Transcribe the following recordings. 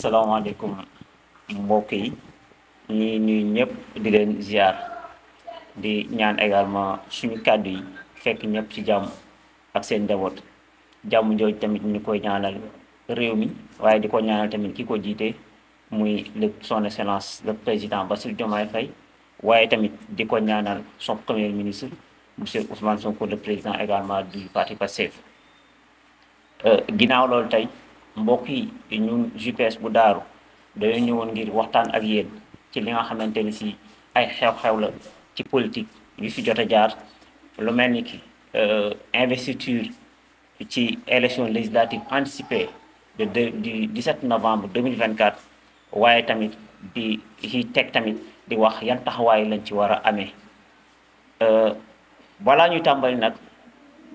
salaamaaleykum mbokk yi ñii ñuy ñëpp di leen ziar di ñaan également suñu kàddu yi fekk ñëpp ci jàmm ak seen njaboot jàmm jooju tamit ñu koy ñaanal réew mi waaye di ko ñaanal tamit ki ko jiite muy le son excellence le président Bassirou Diomaye Faye waaye tamit di ko ñaanal son premier ministre monsieur Ousmane Sonko le président également du parti Pastef euh, ginnaaw loolu tey. mbokk yi ñun GPS bu daaru dañoo ñëwoon ngir waxtaan ak yéen ci li nga xamante ni si ay xew-xew la ci politique yu fi jot a jaar lu mel ni ki euh, investiture ci élection législative anticipée de de du 17 novembre 2024 waaye tamit di ci teg tamit di wax yan taxawaay lañ ci war a amee euh, balaa ñuy tàmbali nag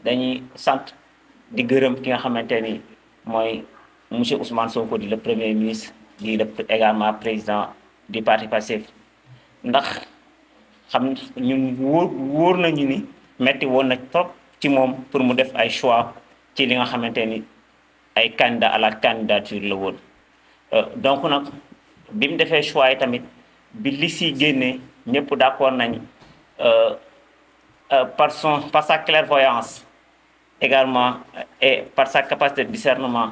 dañuy sant di gërëm ki nga xamante ni mooy M. Ousmane Sonko di le premier ministre di le également président du parti Pastef ndax xam ñun wóor wóor nañu ni metti won na top ci moom pour mu def ay choix ci li nga xamante ni ay candidat à la candidature la woon euh, donc choix tamit bi li si génnee ñëpp d' accord nañ euh, euh, par son par sa clairvoyance également et par sa capacité de discernement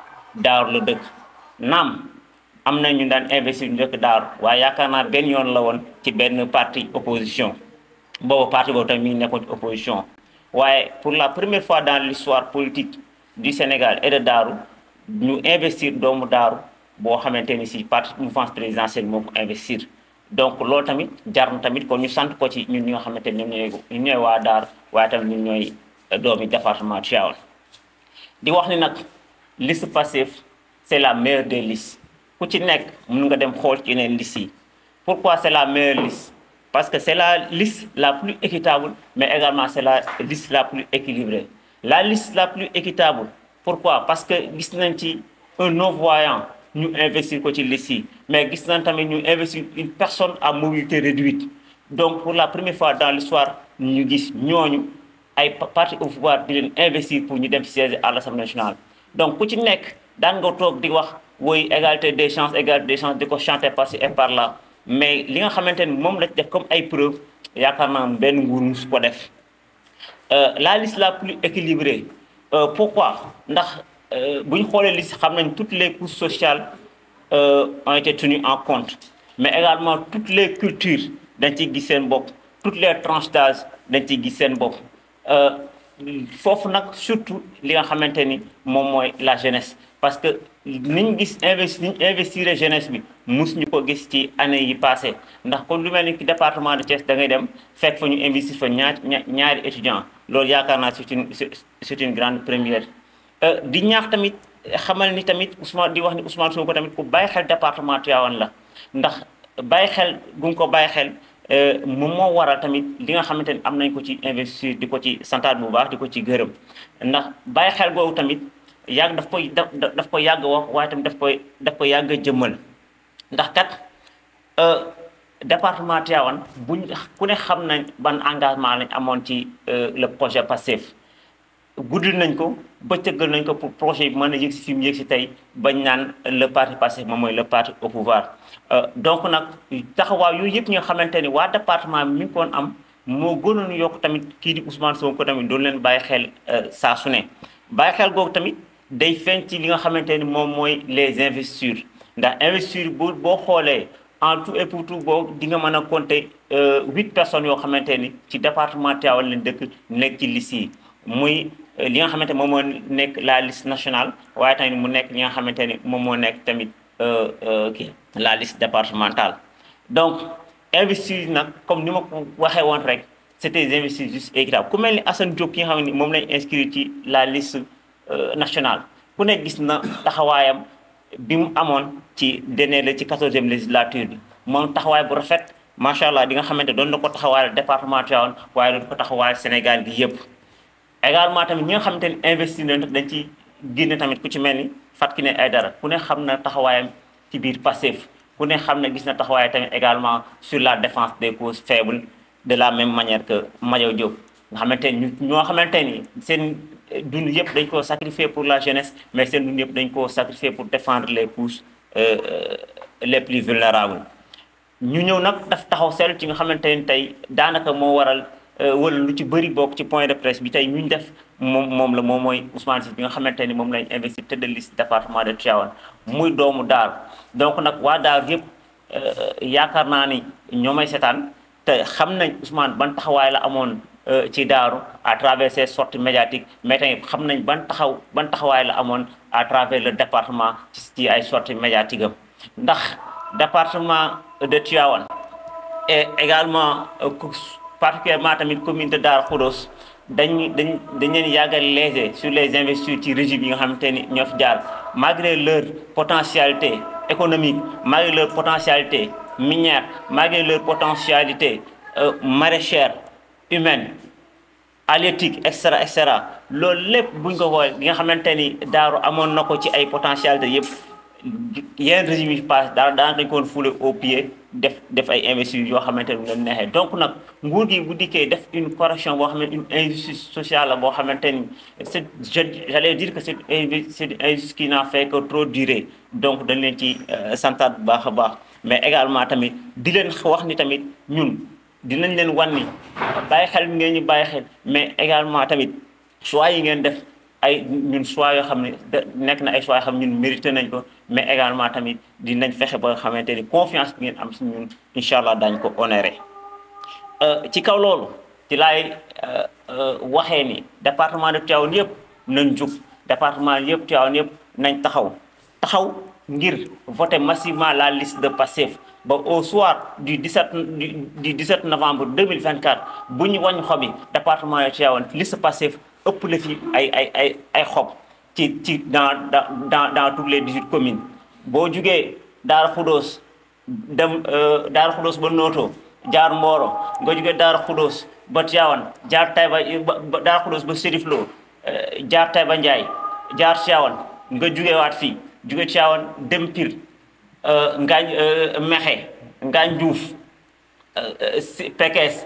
daaru la dëkk naam am na ñu daan investir ñu dëkk daaru waaye yaakaar naa benn yoon la woon ci benn parti opposition boobu parti boobu tamit mi ngi nekkoon ci opposition waaye pour la première fois dans l'histoire politique du Sénégal et de daaru ñu investir doomu daaru boo xamante ni si parti mouvance présidentielle moo ko investir donc loolu tamit jar tamit kon ñu sant ko ci ñun ñi nga xamante ne ñoom ñooy ñun ñooy waa daaru waaye tamit ñun ñooy doomi département Tivaouane liste passive, c'est la meilleure des listes pourquoi c'est la meilleure liste parce que c'est la liste la plus équitable mais également c'est la liste la plus équilibrée la liste la plus équitable pourquoi parce que nous, nañ un non-voyant nous investir ko mais gis nañ tamit une personne à mobilité réduite donc pour la première fois dans l'histoire nous gis ñooñu ay parti au pouvoir d'investir pour nous dem à l'Assemblée nationale donc ku ci nekk daan nga toog di wax woy égalité des chances égalité des chances di chanter par ci et par là mais li nga xamante ni moom la ci def comme ay preuve yaakaar naa benn nguur de ko def euh, la liste la plus équilibrée euh, pourquoi ndax euh, buñ xoolee liste toutes les couches sociales ont été tenues en compte mais également toutes les cultures dañ ci gis seen toutes les tranches d'âge dañ ci gis seen foofu nak surtout li nga xamanteni mom moy la jeunesse parce que niñ gis investir niñ investir jeunesse bi mus ñu ko gis ci année yi passé ndax kon lu melni ni département de Thiès da ngay dem fekk fa ñu investir fa ñaar ñaari étudiants loolu yaakaar naa c'est une c'est une grande première euh di ñaax tamit xamal ni tamit Ousmane di wax ni Ousmane Sonko tamit ku bàyyi xel département Tivaouane la ndax bàyyi xel gu ko bàyyi xel Euh, moom moo waral tamit li nga xamante ni am nañ ko ci investisseur di ko ci santaat bu baax di ko ci gërëm ndax bàyyi xel googu tamit yàgg daf koy daf daf koy yàgg wax waaye tamit daf koy daf koy yàgg jëmmal ndax kat euh, département Tivaouane buñ ku ne xam nañ ban engagement lañ amoon ci euh, le projet Pastef guddil nañ ko bëccëgal nañ ko pour projet bi mën a yëg si fi mu yëg si tey bañ naan le parti passé moom mooy le parti au pouvoir euh, donc nag taxawaay yooyu yëpp ñoo xamante ni waa département mi ngi koon am moo gënoon yokk tamit kii di Ousmane Sonko tamit doon leen bàyyi xel euh, saa su ne bàyyi xel googu tamit day feeñ ci li nga xamante ni moom mooy les investitures ndax investiture bu boo xoolee en tout et pour tout boobu di nga mën a compter euh, huit personnes yoo xamante ni ci département Tivaouane leen dëkk nekk ci liste yi muy euh, li nga xamante moom moo nekk la liste nationale waaye tamit mu nekk li nga xamante ni moom moo nekk tamit euh, euh, kii la liste départementale donc investis nag comme ni ma ko waxee woon rek c'était des investissements justes et équitables ku mel ni Assane Diop ki nga xam ne moom lañ inscrit ci la liste nationale ku ne gis na taxawaayam bi mu amoon ci dernier la ci 14e législature bi moom taxawaay bu rafet macha allah di nga xamante doon na ko taxawaayal département Tivaouane waaye doon ko taxawaayal Sénégal gi yëpp également tamit ñi nga xamante ni investir nañ dañ ci génne tamit ku ci mel ni Fatou ay dara ku ne xam na taxawaayam ci biir Pastef ku ne xam ne gis na taxawaay tamit également sur la défense des causes faible de la même manière que Madiaw Diop nga xamante ni ñoo xamante ni seen dund yëpp dañ koo sacrifier pour la jeunesse mais seen dund yëpp dañ koo sacrifier pour défendre le couches euh, euh, les plus vulnérables ñu ñëw nag daf taxaw seetlu ci nga xamante ni tey daanaka moo waral Euh, wala lu ci bëri bokk ci point de presse bi tey ñu def moom moom la moom mooy Ousmane Sy bi nga xamante ni moom lañ investir tête de liste de Tivaouane muy doomu daal donc nag waa Daaru yëpp euh, yaakaar naa ni ñoomay setaan te xam nañ Ousmane ban taxawaay la amoon euh, ci Daaru à travers ses sorties médiatiques mais xam nañ ban taxaw ban taxawaay la amoon à travers le département ci ay sorties médiatiques ndax département de Tivaouane et particulièrement tamit commune de Dar Khouros, dañ dañ dañ léger sur les investitures régime yi nga xamante ni ñof jaar malgré leur potentialité économique malgré leur potentialité minière malgré leur potentialité euh, maraîchère humaine halieutique etc. cetera et cetera loolu lépp buñ ko woowe nga de ni Darou amoon na ci ay potentialité yépp yeneen régime yi passe daal daan dañ ko woon foule au pied def def ay investisseurs yoo xamante ne leen neexee donc nag nguur gi bu dikkee def une correction boo xamante une injustice sociale la boo xamante ni c'est j'allais dire que c'est une injustice qui n'a fait que trop durer donc dañ leen ci euh, santaat bu baax a baax mais également tamit di leen wax ni tamit ñun dinañ leen wan ni bàyyi xel ngeen ñu bàyyi xel mais également tamit choix yi ngeen def ay ñun choix yoo xam ne nekk na ay choix xam ne ñun mérité nañ ko mais également tamit dinañ fexe ba nga xamante ni confiance bi ngeen am si ñun incha allah daañu ko honoré euh, ci kaw loolu ci laay euh, euh, waxee ni département de Tivaouane yëpp nañ jug département yëpp Tivaouane yëpp nañ taxaw taxaw ngir voter massivement la liste de Pastef ba au soir du 17 du mille novembre 2024 bu ñu wàññi xob yi département de Tivaouane liste Pastef ëpp na fi ay ay ay xob ci ci dans dans dans toutes les boo jugee Daara Khoudoos dem euh, Daara Khoudoos ba nooto jaar mbooro nga jugee Daara Khoudoos ba Tivaouane jaar Taïba ba Serif Lo euh, jaar Taïba Ndiaye jaar Tivaouane nga jugee waat fii jugee Tivaouane dem Pire Ngaañ Mexe Ngaañ Diouf euh, Pekes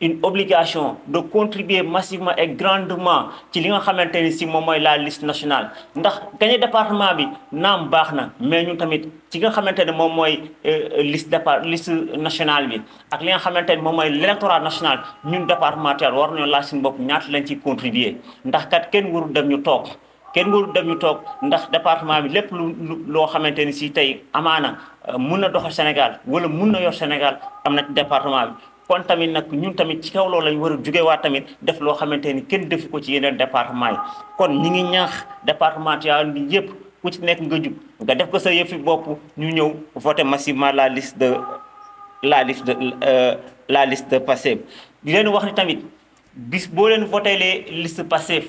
une obligation de contribuer massivement et grandement ci li nga xamanteni ci mom moy la liste nationale ndax gagné département bi nam baxna mais ñun tamit ci nga xamanteni mom moy euh, liste départ liste nationale bi ak li nga xamanteni mom moy l'électorat national ñun départemental war ñu la suñu bopp ñaata lañ ci contribuer ndax kat kenn warul dem ñu tok kenn warul dem ñu tok ndax département bi lepp lu loo xamante ni si Amana. amaana euh, mun doxal Sénégal wala mëna na yor Sénégal amna ci département bi kon tamit nag ñun tamit ci kaw loolu lañ war a jugee waa tamit def loo xamante ni kenn defu ko ci yeneen département yi kon ñi ngi ñaax département Tivaouane bi yëpp ku ci nekk nga jug nga def ko sa yëfi bopp ñu ñëw voté massivement la liste de la liste de euh, la liste de Pastef di leen wax ni tamit bis boo leen voté les liste Pastef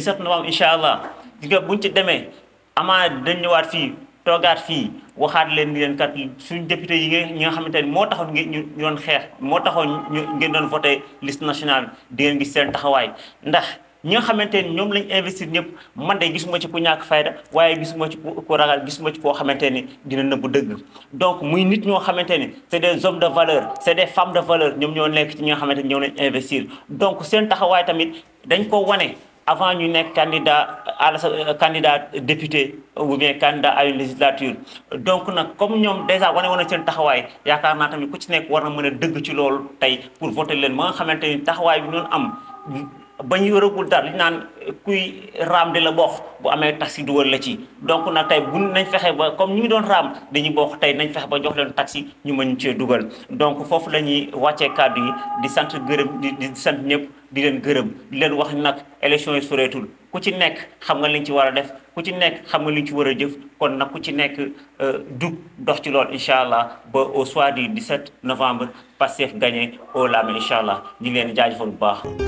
sax na waam incha allah di nga buñ ci demee amaa dañ ñëwaat fii toogaat fii waxaat leen ni leen kat suñ député yi nga ñi nga xamante ni moo taxoon ngeen ñu doon xeex moo taxoon ñu ngeen doon voté liste national di ngeen gis seen taxawaay ndax ñi nga xamante ni ñoom lañ investir ñëpp man de gisuma ci ku ñàkk fayda waaye gisuma ci ku ragal gisuma ci koo xamante ni dina nëbbu dëgg donc muy nit ñoo xamante ni c'est des hommes de valeur c'est des femmes de valeur ñoom ñoo nekk ci ñi nga xamante ni ñoom lañ investir donc seen taxawaay tamit dañ koo wane avant ñu nekk candidat à la euh, candidat député ou bien candidat à une législature donc nag comme ñoom déjà wane woon seen taxawaay yaakaar naa tamit ku ci nekk war na mën a dëgg ci loolu tey pour voter leen ma nga xamante ni taxawaay bi noonu am ba ñu yoragul dara li naan euh, kuy raam di la bokk bu amé taxi dugal la ci donc nag tay bu nañ fexé ba comme ñu ngi doon ram dañuy bokk tay nañ fexe ba jox leen taxi ñu mëñ ci duggal donc fofu lañuy wacce wàccee yi di sant gërëm di sant ñëpp. di leen gërëm di leen wax nag élection yi soreetul ku ci nekk xam nga liñ ci war a def ku ci nekk xam nga liñ ci war a jëf kon nag ku ci nekk dug euh, dox ci lool incha allah ba au soir du 17 novembre Pastef gagné au lame incha allah ñu ngi leen jaajëfal bu baax